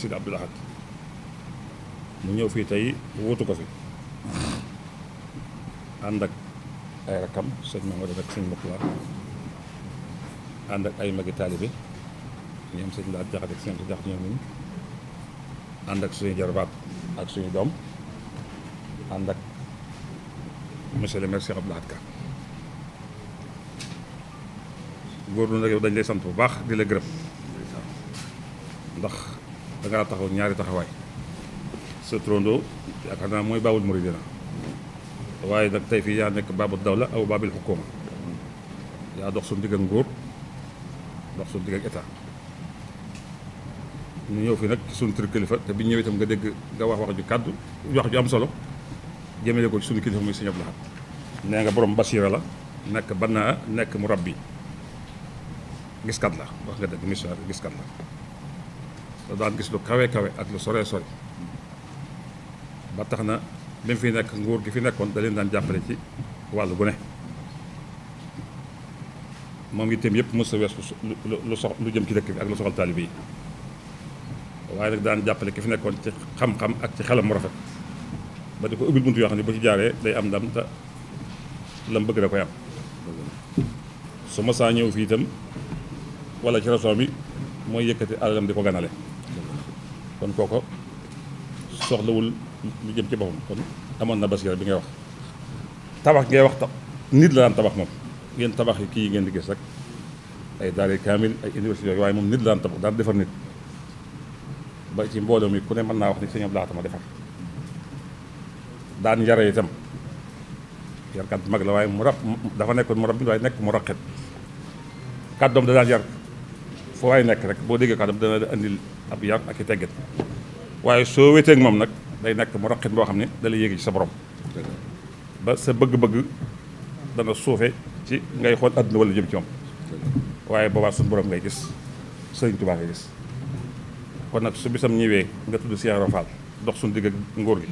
Sidi Abdoul Ahad mu ñëw fii tey wuutu ko fi ànd ak ay rakam sëñ Mamadou ak sëñ Moukla ànd ak ay magi taalibe ñoom sëñ Laat Jaxate ak sëñ Jaxate ñoom ñu ànd ak suñu jarbaat ak suñu doom ànd ak monsieur le maire Cheikh Abdoul Ahad Ka góor lu nag yow dañ lay sant bu baax di la gërëm ndax da ngaa taxaw ñaari taxawaay sa trondo yaakaar naa mooy baabul muridina waaye nag tey fii yaa nekk baabul la aw baabil xukuma yaa dox suñu digg ak nguur dox suñu digg ak état ñëw fi nag suñu tur kilifa te bi ñëwee itam nga dégg nga wax wax ju kàddu wax ju am solo jëmale ko ci suñu kilifa muy Sëñ Abdou Lahad nee nga borom basiira la nekk banaa nekk mu rabbi giskat la wax nga dëgg missionnaire giskat la da daan gis lu kawe kawe ak lu sore sore ba tax na bi fi nekk nguur gi fi nekkoon da leen daan jàppale ci wàllu bu ne moom itam yëpp mu a wees lu sox lu jëm ci dëkk bi ak lu soxal taalibe yi waaye nag daan jàppale ki fi nekkoon ci xam-xam ak ci xelam mu rafet ba di ko ubbil buntu yoo xam ne bu ci jaaree day am ndam te lam bëgg da koy am su ma saa ñëw fii itam wala ci raison bi mooy yëkkati alalam di ko ganale kon kooko soxlawul lu jëm ci boppam kon amoon na basira bi ngay wax tabax ngay wax nit la daan tabax moom ngeen tabax yi kii yi ngeen di gis rek ay daara kaamil ay université waaye moom nit la daan tabax daan defar nit ba ci mbooloo mi ku ne mën naa wax ni sëñ Abdou Lahad ma defar daan yare itam yarkat mag la waaye mu dafa nekkoon mu rab bi waaye nekk mu raqet kàddoom da daan yar foo waay nekk rek boo déggee kàddu dana la andil ab yar ak i tegget waaye soo wéeteeg moom nag day nekk mu raqit boo xam ne dalay la yéegi ci sa borom ba sa bëgg-bëgg dana suufe ci ngay xool àdduna wala jëm ci moom waaye boobaa suñu boroom ngay gis sëriñ Tuubaa ngay gis kon nag su bisam ñëwee nga tudd Cheikh Ibra Fall dox suñu digg ak nguur gi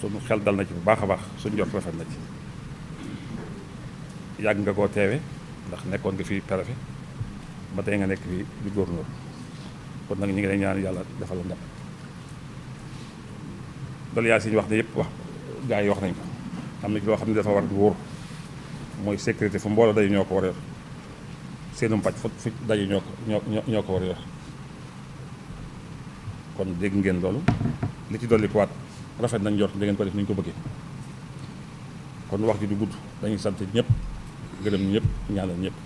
suñu xel dal na ci bu baax a baax suñu jot rafet na ci yàgg nga koo teewe ndax nekkoon nga fi préfet ba tey nga nekk fii di góorgóor kon nag ñu ngi lay ñaan yàlla defal la ndam doolu yaa wax ne yëpp wax gaa yi wax nañ ko am na ci xam ne dafa war di wóor mooy sécurité fu mbooloo daje ñoo ko war a yor seenum paj fu ko ñoo ñoo ko war kon dégg ngeen loolu li ci dolli kuwaat rafet nañ jot da ko def ni ñu ko bëggee kon wax ji du gudd dañuy sant ñëpp gërëm ñëpp ñaanal ñëpp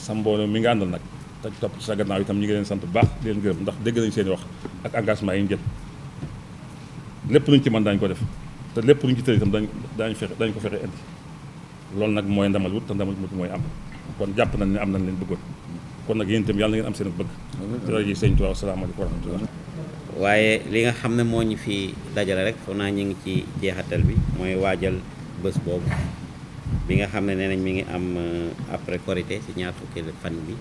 sa mbooloo mi nga àndal nag te topp ci sa gannaaw itam ñu ngi leen sant bu baax di leen gërëm ndax dégg nañu seen wax ak engagement yi ñu jël lépp luñ ci mën daañu ko def te lépp luñ ci tëri itam daañ daañu fexe dañu ko fexe indi loolu nag mooy ndamal wut te ndamal wut mooy am kon jàpp nañ ne am nañ leen bëggoon kon nag yéen itam yàlla na ngeen am seen bëgg ci rajo sëñ Tuubaa asalaamaaleykum wa rahmatullah waaye li nga xam ne moo ñu fi dajale rek naa ñu ngi ci jeexatal bi mooy waajal bés boobu bi nga xam ne nee nañ mi ngi am euh, après Korité ci ñaar fukki fan bi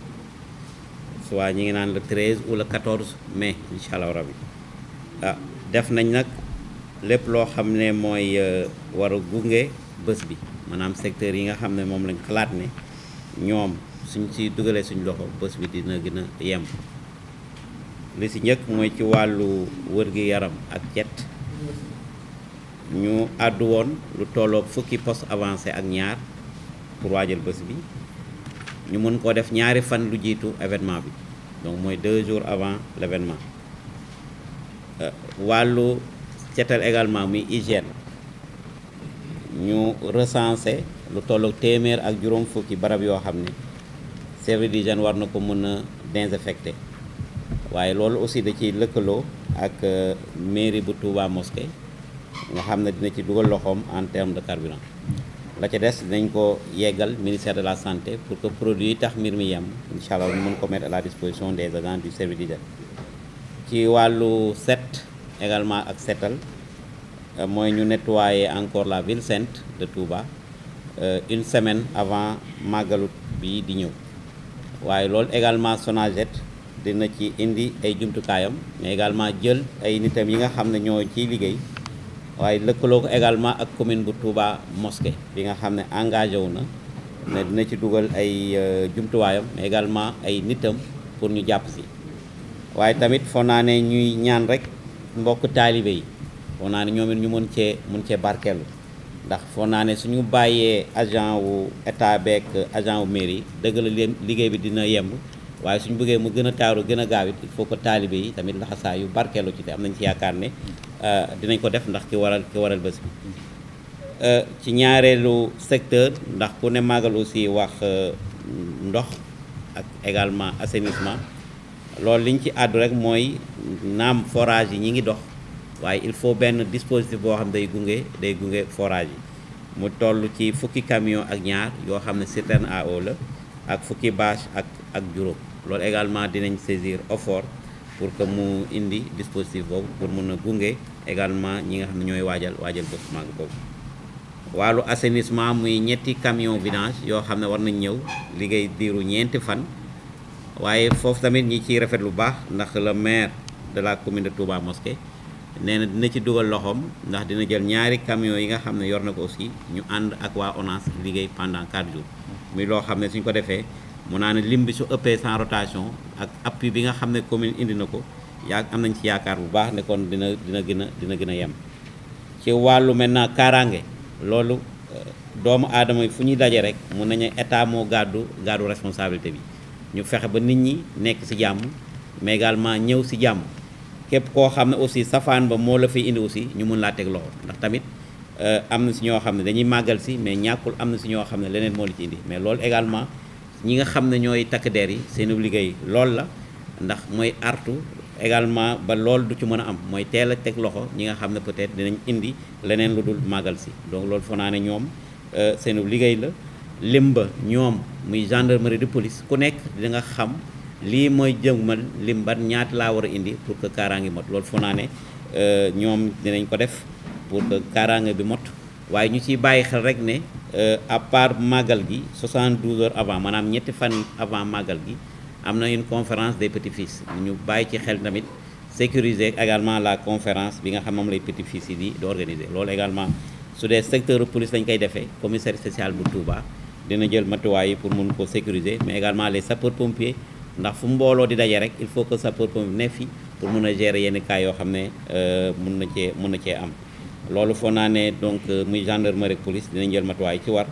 soit ñi ngi naan le 13 ou le 14 mai incha allah rabi ah, def nañ nag lépp loo xam ne mooy euh, war a gunge bés bi maanaam secteur yi nga xam ne moom lañ xalaat ne ñoom suñ si dugalee suñ loxo bés bi dina gën a yemb li si njëkk mooy ci wàllu wër gi yaram ak cet ñu àdduwoon lu tolloog fukki poste avancé ak ñaar pour waajal bés bi ñu mën koo def ñaari fan lu jiitu événement bi donc mooy deux jours avant l' événement euh, wàllu setal également muy hygiène ñu recensé lu tolloog téeméer ak juróom fukki barab yoo xam ne service d'hygiène war na ko mën a désinfecté waaye loolu aussi da ciy lëkkaloo ak euh, mairie bu Touba mosquée nga xam na dina ci dugal loxoom en terme de carburant la ca des dinañ ko yeggal ministère de la santé pour que produit yi tax mbir mi yem incha allah ñu mën ko mettre à la disposition des agents du service d'hygiène ci wàllu set également ak setal euh, mooy ñu nettoyer encore la ville cent de Touba euh, une semaine avant màggalut bi di ñëw waaye loolu également Sonaged dina ci indi ay jumtukaayam mais également jël ay nitam yi nga xam ne ñoo ciy liggéey waaye lëkkaloo ko également ak commune bu Touba mosquée bi nga xam ne engagé wu na ne dina ci dugal ay euh, jumtuwaayam mais également ay nitam pour ñu jàpp si waaye tamit foog naa ne ñuy ñaan rek mbokk taalibe yi foog naa ne ñoom ñu mën cee mën cee barkeelu ndax foog naa ne suñu bàyyee agent wu état beek agent wu mairie dëgg la liggéey bi dina yemb waaye suñu bëggee mu gën a taaru gën a gaaw it il faut que taalibe yi tamit laxasaa yu barkeelu ci te am nañ ci yaakaar ne Euh, dinañ ko def ndax ki waral ki bés bi euh, ci ñaareelu secteur ndax ku ne màggal aussi wax euh, ndox ak également assainissement loolu liñ ci àddu rek mooy naam forage yi ñi ngi dox waaye il faut benn dispositif boo xam day gunge day gunge forage yi mu toll ci fukki camion ak ñaar yoo xam ne citerne à eau la ak fukki bâche ak ak juróom loolu également dinañ saisir effort pour que mu indi dispositif boobu pour mën a gunge également ñi nga xam ne ñooy waajal waajal bés bu mag boobu. wàllu assainissement muy ñetti camion vidange yoo xam ne war nañ ñëw liggéey diiru ñeenti fan waaye foofu tamit ñi ciy rafet lu baax ndax le maire de la commune de Touba Mosquée nee na dina ci dugal loxoom ndax dina jël ñaari camion yi nga xam ne yor na ko aussi ñu ànd ak waa ONAS liggéey pendant 4 jours muy loo xam ne suñ ko defee. mun naa ne lim bi su ëppee san rotation ak appui bi nga xam ne commune indi na ko yaa am nañ ci yaakaar bu baax ne kon dina dina gën a dina gën a yem ci wàllu maintenant kaaraange loolu euh, doomu aadama yi fu ñuy dajee rek mun nañu état moo gàddu gàddu responsabilité bi ñu fexe ba nit ñi nekk ci jàmm mais également ñëw ci jàmm képp koo xam ne aussi safaan ba moo la fiy indi aussi ñu mun laa teg loxo ndax tamit euh, am na ci ñoo xam ne dañuy màggal ci mais ñàkkul am na ci ñoo xam ne leneen moo la ci indi mais loolu également ñi nga xam ne ñooy takk der yi seen liggéey lool la ndax mooy artu également ba lool du ci mën a am mooy teel a teg loxo ñi nga xam ne peut-être dinañ indi leneen lu dul màggal si donc loolu foo ne ñoom euh, seen liggéey la lim ñoom muy gendarmerie de police ku nekk di nga xam lii mooy jëmmal lim ban ñaata laa war a indi pour que mot loolu foo naa ne euh, ñoom dinañ ko def pour que kaaraange bi mot waaye ñu ciy bàyyi xel rek ne Euh, à part màggal gi 72 heures avant maanaam ñetti fan avant màggal gi am na une conférence des petits-fils ñu bàyyi ci xel tamit sécuriser également la conférence bi nga xam moom lay petits-fils yi di di organiser loolu également su dee secteur police lañ koy defee commissaire spécial bu Touba dina jël matuwaay yi pour mun ko sécuriser mais également les sapeurs pompiers ndax fu mbooloo di daje rek il faut que sapeur pompier ne fi pour mun a gérer yenn yoo xam ne euh, mun na cee mun na cee am. loolu foo naa ne donc euh, muy gendarmerie ak police dinañ jël matuwaay ci war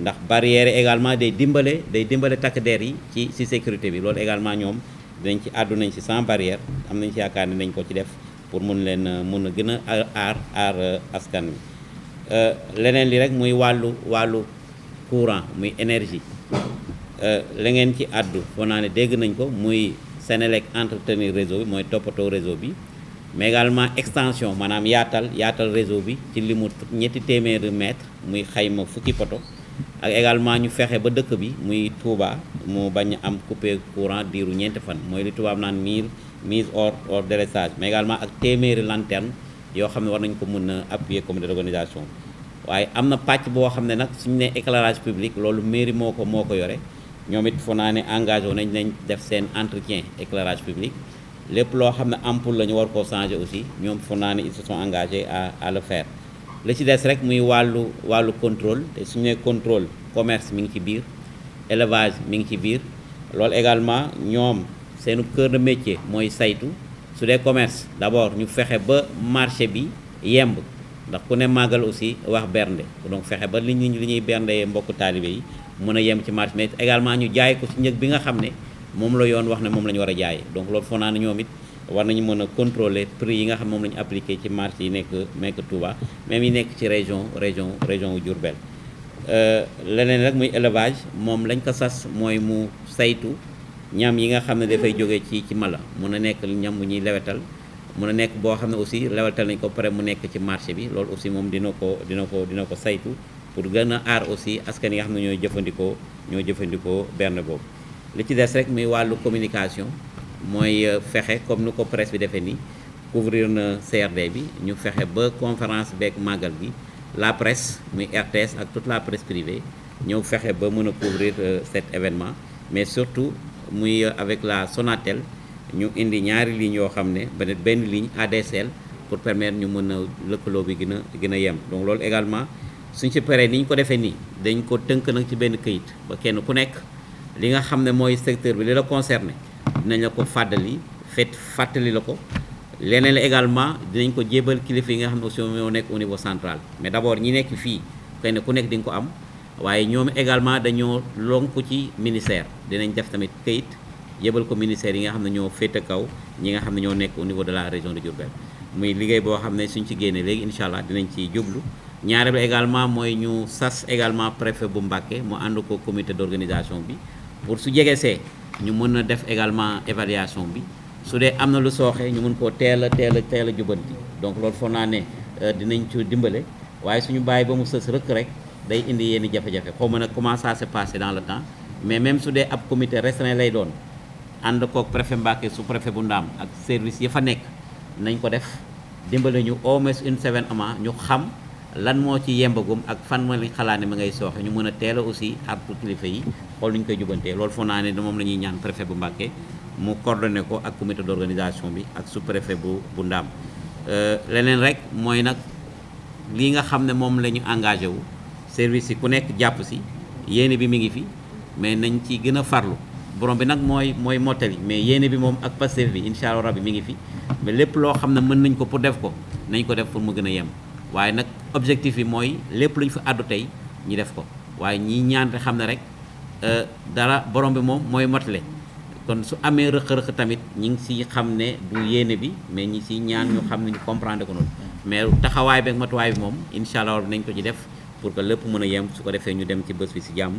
ndax barrière également day dimbale day dimbale takk der yi ci ci sécurité bi loolu également ñoom dinañ ci àddunañ nañ ci sans barrière am nañ ci yaakaar ni dañ ko ci def pour mun leen euh, mun a gën a aar aar euh, askan wi leneen li rek muy wàllu wàllu courant muy énergie la ngeen ci àddu foo naa ne dégg nañ ko muy Senelec entretenir réseau bi mooy toppatoo réseau bi mais également maanaam yaatal yaatal réseau bi ci li mu ñetti téeméeri mètre muy xayma fukki poto ak également ñu fexe ba dëkk bi muy Touba mu bañ am coupé courant diiru ñeenti fan mooy li tubaab naan miir mise hors hors délestage mégalement ak téeméeri lanterne yoo xam ne war nañ ko mën a appuyer comité d'organisation waaye am na pàcc boo xam ne nag suñu ne éclairage public loolu mairie moo ko moo ko yore ñoom it foo naa ne engagé wu nañ nañ def seen entretien éclairage public lépp loo xam ne ampoule la ñu war ko changer aussi ñoom foog naa ne ils se sont engagés à à le faire la ci des rek muy wàllu wàllu contrôle te suñ nee contrôle commerce mi ngi ci biir élevage mi ngi ci biir loolu également ñoom seenu kër de métier mooy saytu su dee commerce d'abord ñu fexe ba marché bi yemb ndax ku ne màggal aussi wax bernde donc fexe ba li ñu li ñuy bernde mbokku taalibe yi mën a yem ci marché mais également ñu jaay ko ci njëg bi nga xam ne moom la yoon wax ne moom la war a jaay donc loolu foog naa ne ñoom it war nañu mën a contrôler prix yi nga xam moom la ñu ci marché yi nekk nekk Touba même yi nekk ci région région région wu Diourbel euh, leneen rek muy élevage moom lañ ko sas mooy mu saytu ñam yi nga xam ne dafay jóge ci ci mala mun a nekk ñam bu ñuy lewetal mun a nekk boo xam ne aussi lewetal nañ ko pare mu nekk ci marché bi loolu aussi moom dina ko dina ko dina ko saytu pour gën a aar aussi askan yi nga xam ne ñooy jëfandikoo ñoo jëfandikoo benn boobu li ci des rek muy wàllu communication mooy euh, fexe comme nu ko presse bi defee nii couvrir na CRD bi ñu fexe ba conférence beeg màggal bi la press muy RTS ak toute la presse privée ñëw fexe ba mën a couvrir euh, cet événement mais surtout muy euh, avec la Sonatel ñu indi ñaari lignes yoo xam ne benn benn ligne ADSL pour permettre ñu mën a lëkkaloo bi gën a gën a yem donc loolu également suñ ci paree ni ñu ko defee nii dañ ko tënk nag ci benn kayit ba kenn ku nekk li nga xam ne mooy secteur bi li la concerné dinañ la ko fàddali fet fàttali la ko leneen la également dinañ ko jébal kilifa yi nga xam ne aussi ñoo nekk au niveau central mais d'abord ñi nekk fii xëy na ku nekk di nga ko am waaye ñoom également dañoo lonku ci ministère dinañ def tamit kayit yëbal ko ministère yi nga xam ne ñoo féete kaw ñi nga xam ne ñoo nekk au de la région de Diourbel muy liggéey boo xam ne suñ ci génnee léegi incha allah dinañ ci jublu ñaareel également mooy ñu sas également préfet bu Mbacké mu ànd ko comité d'organisation bi pour su see ñu mën a def également évaluation bi su dee am na lu sooxee ñu mën koo teel a teel a teel a jubanti donc loolu foog naa ne euh, dinañ ci dimbale waaye suñu bàyyi ba mu sës rëkk rek day indi yenn jafe-jafe xaw mën a comment ça s'est passé dans le temps mais même su dee ab comité restreint lay doon ànd koog préfet Mbacké su préfet bu ndaam ak service yi fa nekk nañ ko def dimbale ñu au moins une semaine avant ñu xam lan moo ci yembagum ak fan ma xalaat ma ngay sooxe ñu mën a teel a aussi ak kilifa yi xool nu ñu koy jubantee loolu foog naa ne moom la ñaan préfet bu Mbacké mu coordonné ko ak comité d'organisation bi ak sous-préfet bu bu Ndaam euh, leneen rek mooy nag lii nga xam ne moom lañu ñu engagé wu service yi ku nekk jàpp si yéene bi mu ngi fi mais nañ ci gën a farlu borom bi nag mooy mooy mottali mais yéene bi moom ak Pastef bi incha allah bi mi ngi fi mais lépp loo xam ne mën nañ ko pour def ko nañ ko def pour mu gën a yem waaye nag objectif yi mooy lépp lu fi àddu ñu def ko Euh, dara borom bi moom mooy motale kon su amee rëq-rëq tamit ñi ngi siy xam ne du yéene bi mais ñi siy ñaan ñu xam ne ñu comprendre ko noonu mais taxawaay beeg matuwaay bi moom incha allah war nañ ko ci def pour que lépp mën a yem su ko defee ñu dem ci bés bi si jàmm